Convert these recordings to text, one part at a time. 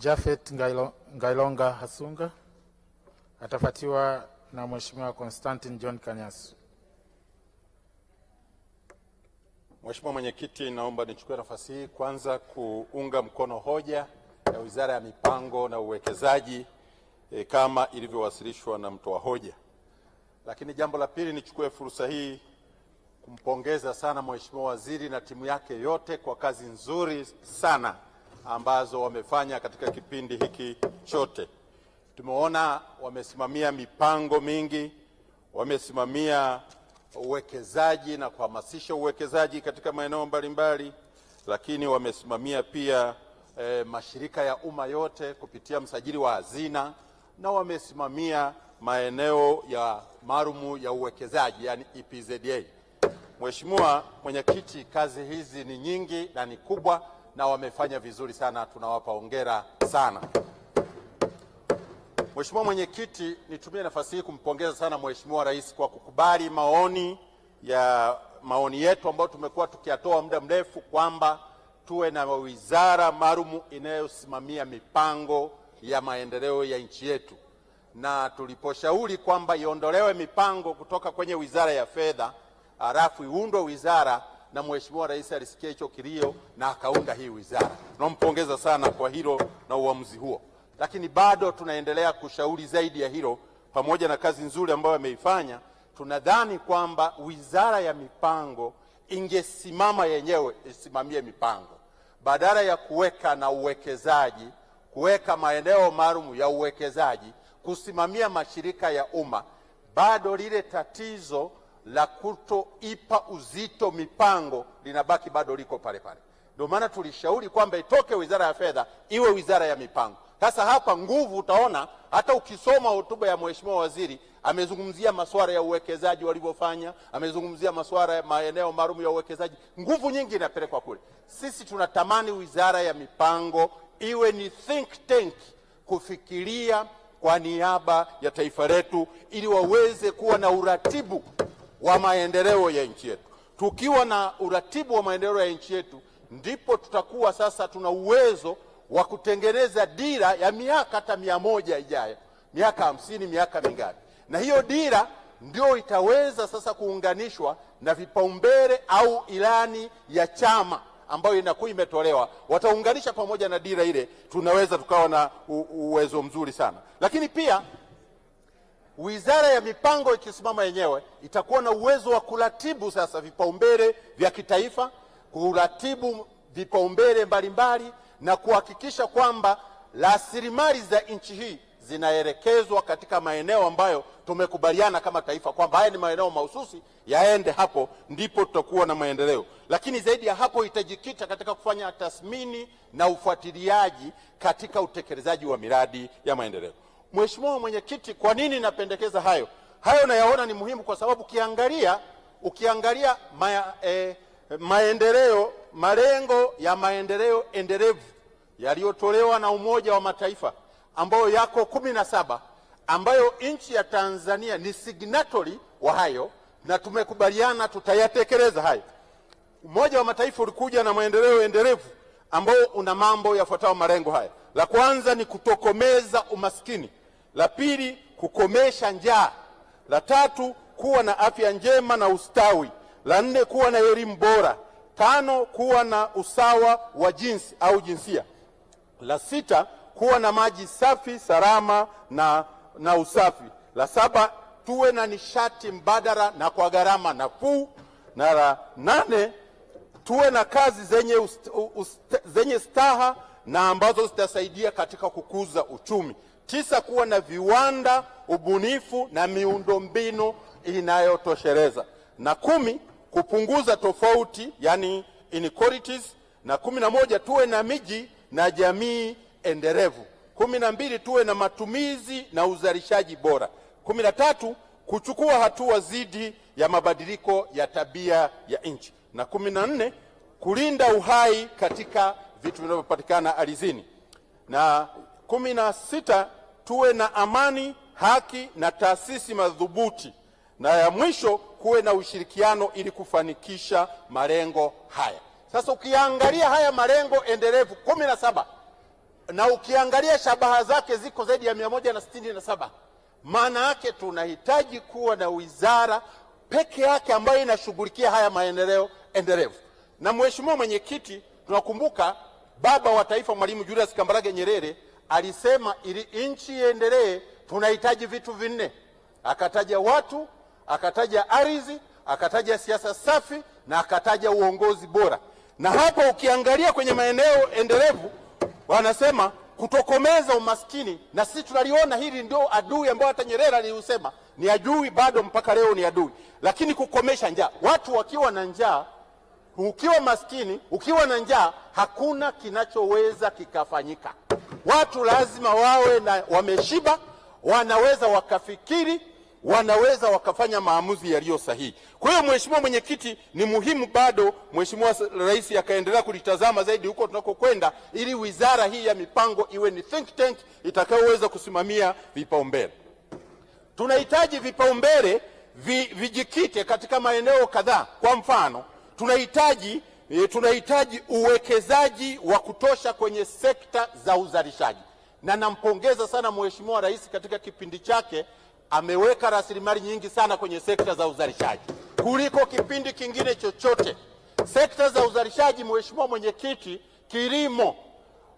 jafet Ngailonga Hasunga atafuatiwa na Mheshimiwa Constantine John Kanyasu. Mheshimiwa Mwenyekiti, naomba nichukue nafasi hii kwanza kuunga mkono hoja ya Wizara ya Mipango na Uwekezaji e, kama ilivyowasilishwa na mtoa hoja. Lakini jambo la pili, nichukue fursa hii kumpongeza sana Mheshimiwa Waziri na timu yake yote kwa kazi nzuri sana ambazo wamefanya katika kipindi hiki chote. Tumeona wamesimamia mipango mingi, wamesimamia uwekezaji na kuhamasisha uwekezaji katika maeneo mbalimbali, lakini wamesimamia pia e, mashirika ya umma yote kupitia msajili wa hazina na wamesimamia maeneo ya maalumu ya uwekezaji yani EPZA. Mheshimiwa Mwenyekiti, kazi hizi ni nyingi na ni kubwa na wamefanya vizuri sana, tunawapa hongera sana. Mheshimiwa Mwenyekiti, nitumie nafasi hii kumpongeza sana Mheshimiwa Rais kwa kukubali maoni ya maoni yetu ambayo tumekuwa tukiyatoa muda mrefu kwamba tuwe na wizara maalum inayosimamia mipango ya maendeleo ya nchi yetu, na tuliposhauri kwamba iondolewe mipango kutoka kwenye wizara ya fedha halafu iundwe wizara na Mheshimiwa Rais alisikia hicho kilio na akaunda hii wizara. Tunampongeza sana kwa hilo na uamuzi huo, lakini bado tunaendelea kushauri zaidi ya hilo. Pamoja na kazi nzuri ambayo ameifanya, tunadhani kwamba wizara ya mipango ingesimama yenyewe isimamie mipango badala ya kuweka na uwekezaji, kuweka maeneo maalum ya uwekezaji, kusimamia mashirika ya umma. Bado lile tatizo la kutoipa uzito mipango linabaki bado liko pale pale. Ndio maana tulishauri kwamba itoke wizara ya fedha iwe wizara ya mipango. Sasa hapa nguvu, utaona hata ukisoma hotuba ya mheshimiwa waziri amezungumzia masuala ya uwekezaji walivyofanya, amezungumzia masuala ya maeneo maalum ya uwekezaji, nguvu nyingi inapelekwa kule. Sisi tunatamani wizara ya mipango iwe ni think tank, kufikiria kwa niaba ya taifa letu, ili waweze kuwa na uratibu wa maendeleo ya nchi yetu. Tukiwa na uratibu wa maendeleo ya nchi yetu, ndipo tutakuwa sasa tuna uwezo wa kutengeneza dira ya miaka hata mia moja ijayo, miaka hamsini, miaka mingapi. Na hiyo dira ndio itaweza sasa kuunganishwa na vipaumbele au ilani ya chama ambayo inakuwa imetolewa, wataunganisha pamoja na dira ile, tunaweza tukawa na uwezo mzuri sana, lakini pia wizara ya mipango ikisimama yenyewe itakuwa na uwezo wa kuratibu sasa vipaumbele vya kitaifa, kuratibu vipaumbele mbalimbali na kuhakikisha kwamba rasilimali za nchi hii zinaelekezwa katika maeneo ambayo tumekubaliana kama taifa kwamba haya ni maeneo mahususi yaende hapo, ndipo tutakuwa na maendeleo. Lakini zaidi ya hapo, itajikita katika kufanya tathmini na ufuatiliaji katika utekelezaji wa miradi ya maendeleo. Mheshimiwa Mwenyekiti, kwa nini napendekeza hayo? Hayo nayaona ni muhimu kwa sababu ukiangalia ukiangalia maya, eh, maendeleo malengo ya maendeleo endelevu yaliyotolewa na Umoja wa Mataifa ambayo yako kumi na saba ambayo nchi ya Tanzania ni signatory wa hayo na tumekubaliana tutayatekeleza hayo. Umoja wa Mataifa ulikuja na maendeleo endelevu ambao una mambo yafuatayo malengo haya. La kwanza ni kutokomeza umaskini la pili kukomesha njaa, la tatu kuwa na afya njema na ustawi, la nne kuwa na elimu bora, tano kuwa na usawa wa jinsi au jinsia, la sita kuwa na maji safi salama na, na usafi, la saba tuwe na nishati mbadala na kwa gharama nafuu, na la nane tuwe na kazi zenye, ust, ust, zenye staha na ambazo zitasaidia katika kukuza uchumi. Tisa, kuwa na viwanda, ubunifu na miundombinu inayotosheleza. Na kumi, kupunguza tofauti yani inequalities. Na kumi na moja, tuwe na miji na jamii endelevu. Kumi na mbili, tuwe na matumizi na uzalishaji bora. Kumi na tatu, kuchukua hatua dhidi ya mabadiliko ya tabia ya nchi. Na kumi na nne, kulinda uhai katika vitu vinavyopatikana ardhini. Na kumi na sita tuwe na amani, haki na taasisi madhubuti, na ya mwisho kuwe na ushirikiano ili kufanikisha malengo haya. Sasa ukiangalia haya malengo endelevu kumi na saba na ukiangalia shabaha zake ziko zaidi ya mia moja na sitini na saba maana yake tunahitaji kuwa na wizara peke yake ambayo inashughulikia haya maendeleo endelevu. Na mheshimiwa mwenyekiti, tunakumbuka baba wa taifa Mwalimu Julius Kambarage Nyerere alisema ili nchi iendelee tunahitaji vitu vinne. Akataja watu, akataja ardhi, akataja siasa safi na akataja uongozi bora. Na hapo ukiangalia kwenye maeneo endelevu wanasema kutokomeza umaskini, na sisi tunaliona hili ndio adui ambao hata Nyerere aliusema ni adui, bado mpaka leo ni adui. Lakini kukomesha njaa, watu wakiwa na njaa, ukiwa maskini, ukiwa na njaa, hakuna kinachoweza kikafanyika. Watu lazima wawe na wameshiba, wanaweza wakafikiri, wanaweza wakafanya maamuzi yaliyo sahihi. Kwa hiyo, Mheshimiwa Mwenyekiti, ni muhimu bado Mheshimiwa Rais akaendelea kulitazama zaidi huko tunakokwenda, ili wizara hii ya mipango iwe ni think tank itakayoweza kusimamia vipaumbele. Tunahitaji vipaumbele vi, vijikite katika maeneo kadhaa. Kwa mfano tunahitaji E, tunahitaji uwekezaji wa kutosha kwenye sekta za uzalishaji, na nampongeza sana Mheshimiwa Rais, katika kipindi chake ameweka rasilimali nyingi sana kwenye sekta za uzalishaji kuliko kipindi kingine chochote. Sekta za uzalishaji, Mheshimiwa Mwenyekiti, kilimo,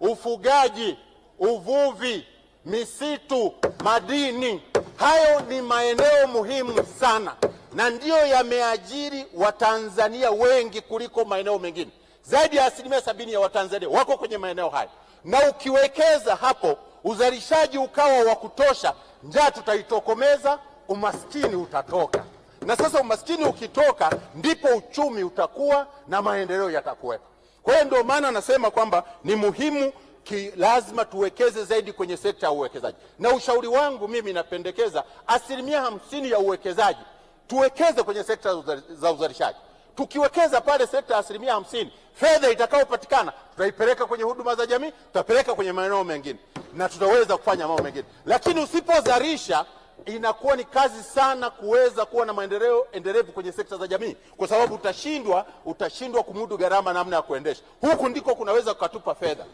ufugaji, uvuvi, misitu, madini, hayo ni maeneo muhimu sana na ndiyo yameajiri Watanzania wengi kuliko maeneo mengine. Zaidi ya asilimia sabini ya Watanzania wako kwenye maeneo hayo, na ukiwekeza hapo uzalishaji ukawa wa kutosha, njaa tutaitokomeza, umaskini utatoka. Na sasa umaskini ukitoka, ndipo uchumi utakuwa na maendeleo yatakuwepo. Kwa hiyo ndio maana nasema kwamba ni muhimu ki, lazima tuwekeze zaidi kwenye sekta ya uwekezaji, na ushauri wangu mimi napendekeza asilimia hamsini ya uwekezaji tuwekeze kwenye sekta za uzalishaji. Tukiwekeza pale sekta ya asilimia hamsini, fedha itakayopatikana tutaipeleka kwenye huduma za jamii, tutapeleka kwenye maeneo mengine na tutaweza kufanya mambo mengine, lakini usipozalisha inakuwa ni kazi sana kuweza kuwa na maendeleo endelevu kwenye sekta za jamii, kwa sababu utashindwa utashindwa kumudu gharama namna ya kuendesha. Huku ndiko kunaweza kukatupa fedha.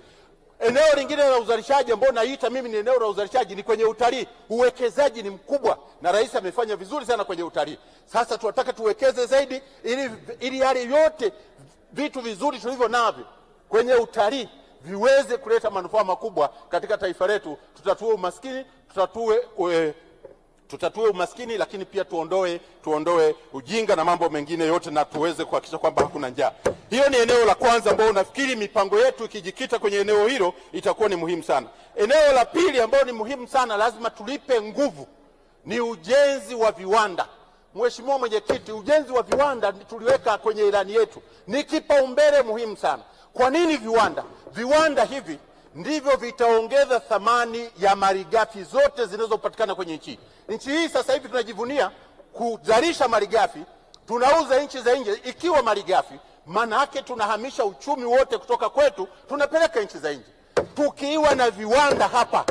Eneo lingine la uzalishaji ambao naita mimi ni eneo la uzalishaji ni kwenye utalii. Uwekezaji ni mkubwa na rais amefanya vizuri sana kwenye utalii. Sasa tunataka tuwekeze zaidi, ili ili yale yote vitu vizuri tulivyo navyo kwenye utalii viweze kuleta manufaa makubwa katika taifa letu. Tutatue umaskini, tutatue eh, tutatue umaskini, lakini pia tuondoe, tuondoe ujinga na mambo mengine yote, na tuweze kuhakikisha kwamba hakuna njaa. Hiyo ni eneo la kwanza ambayo nafikiri mipango yetu ikijikita kwenye eneo hilo itakuwa ni muhimu sana. Eneo la pili ambayo ni muhimu sana, lazima tulipe nguvu, ni ujenzi wa viwanda. Mheshimiwa Mwenyekiti, ujenzi wa viwanda tuliweka kwenye ilani yetu, ni kipaumbele muhimu sana. Kwa nini viwanda? Viwanda hivi ndivyo vitaongeza thamani ya malighafi zote zinazopatikana kwenye nchi. Nchi hii sasa hivi tunajivunia kuzalisha malighafi, tunauza nchi za nje ikiwa malighafi, maana yake tunahamisha uchumi wote kutoka kwetu tunapeleka nchi za nje. Tukiwa na viwanda hapa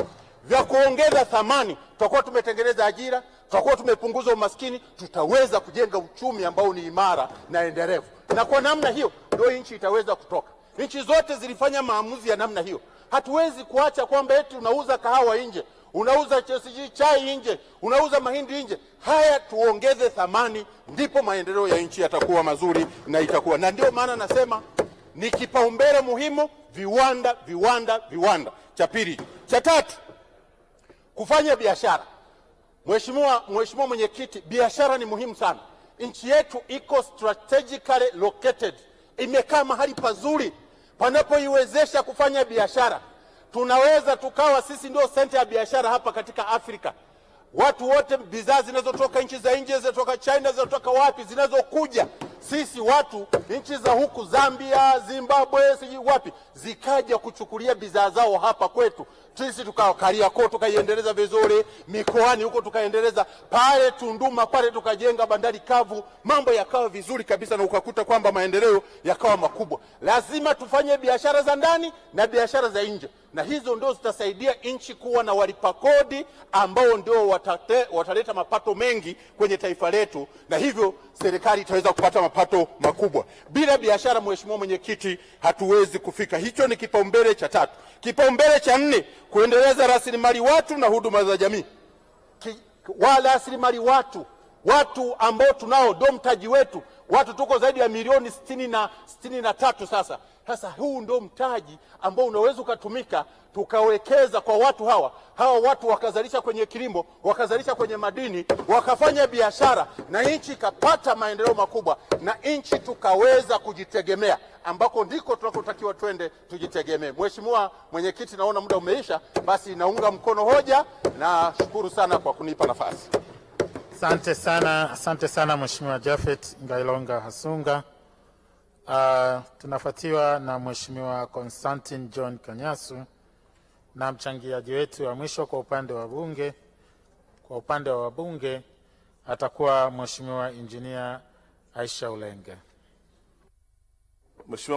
vya kuongeza thamani, tutakuwa tumetengeneza ajira, tutakuwa tumepunguza umaskini, tutaweza kujenga uchumi ambao ni imara na endelevu, na kwa namna hiyo ndio nchi itaweza kutoka. Nchi zote zilifanya maamuzi ya namna hiyo. Hatuwezi kuacha kwamba eti unauza kahawa nje, unauza chesiji chai nje, unauza mahindi nje. Haya tuongeze thamani, ndipo maendeleo ya nchi yatakuwa mazuri na itakuwa na, ndio maana nasema ni kipaumbele muhimu, viwanda, viwanda, viwanda. Cha pili, cha tatu, kufanya biashara. Mheshimiwa, Mheshimiwa Mwenyekiti, biashara ni muhimu sana. Nchi yetu iko strategically located, imekaa mahali pazuri panapoiwezesha kufanya biashara, tunaweza tukawa sisi ndio senta ya biashara hapa katika Afrika. Watu wote, bidhaa zinazotoka nchi za nje, zinazotoka China, zinazotoka wapi, zinazokuja sisi watu nchi za huku Zambia, Zimbabwe, sijui wapi, zikaja kuchukulia bidhaa zao hapa kwetu, sisi tukao Kariakoo tukaiendeleza vizuri, mikoani huko tukaendeleza pale Tunduma pale tukajenga bandari kavu, mambo yakawa vizuri kabisa, na ukakuta kwamba maendeleo yakawa makubwa. Lazima tufanye biashara za ndani na biashara za nje na hizo ndio zitasaidia nchi kuwa na walipa kodi ambao ndio watate, wataleta mapato mengi kwenye taifa letu, na hivyo serikali itaweza kupata mapato makubwa. Bila biashara, mheshimiwa mwenyekiti, hatuwezi kufika. Hicho ni kipaumbele cha tatu. Kipaumbele cha nne, kuendeleza rasilimali watu na huduma za jamii Ki, rasilimali watu watu ambao tunao ndio mtaji wetu. Watu tuko zaidi ya milioni sitini na, sitini na tatu sasa sasa huu ndo mtaji ambao unaweza ukatumika tukawekeza kwa watu hawa, hawa watu wakazalisha kwenye kilimo, wakazalisha kwenye madini, wakafanya biashara, na nchi ikapata maendeleo makubwa, na nchi tukaweza kujitegemea, ambako ndiko tunakotakiwa twende, tujitegemee. Mheshimiwa Mwenyekiti, naona muda umeisha, basi naunga mkono hoja na shukuru sana kwa kunipa nafasi. Asante sana, asante sana Mheshimiwa Jafet Ngailonga Hasunga. Uh, tunafuatiwa na Mheshimiwa konstantin John Kanyasu na mchangiaji wetu wa mwisho kwa upande wa bunge, kwa upande wa wabunge atakuwa Mheshimiwa Injinia Aisha Ulenge. Mheshimiwa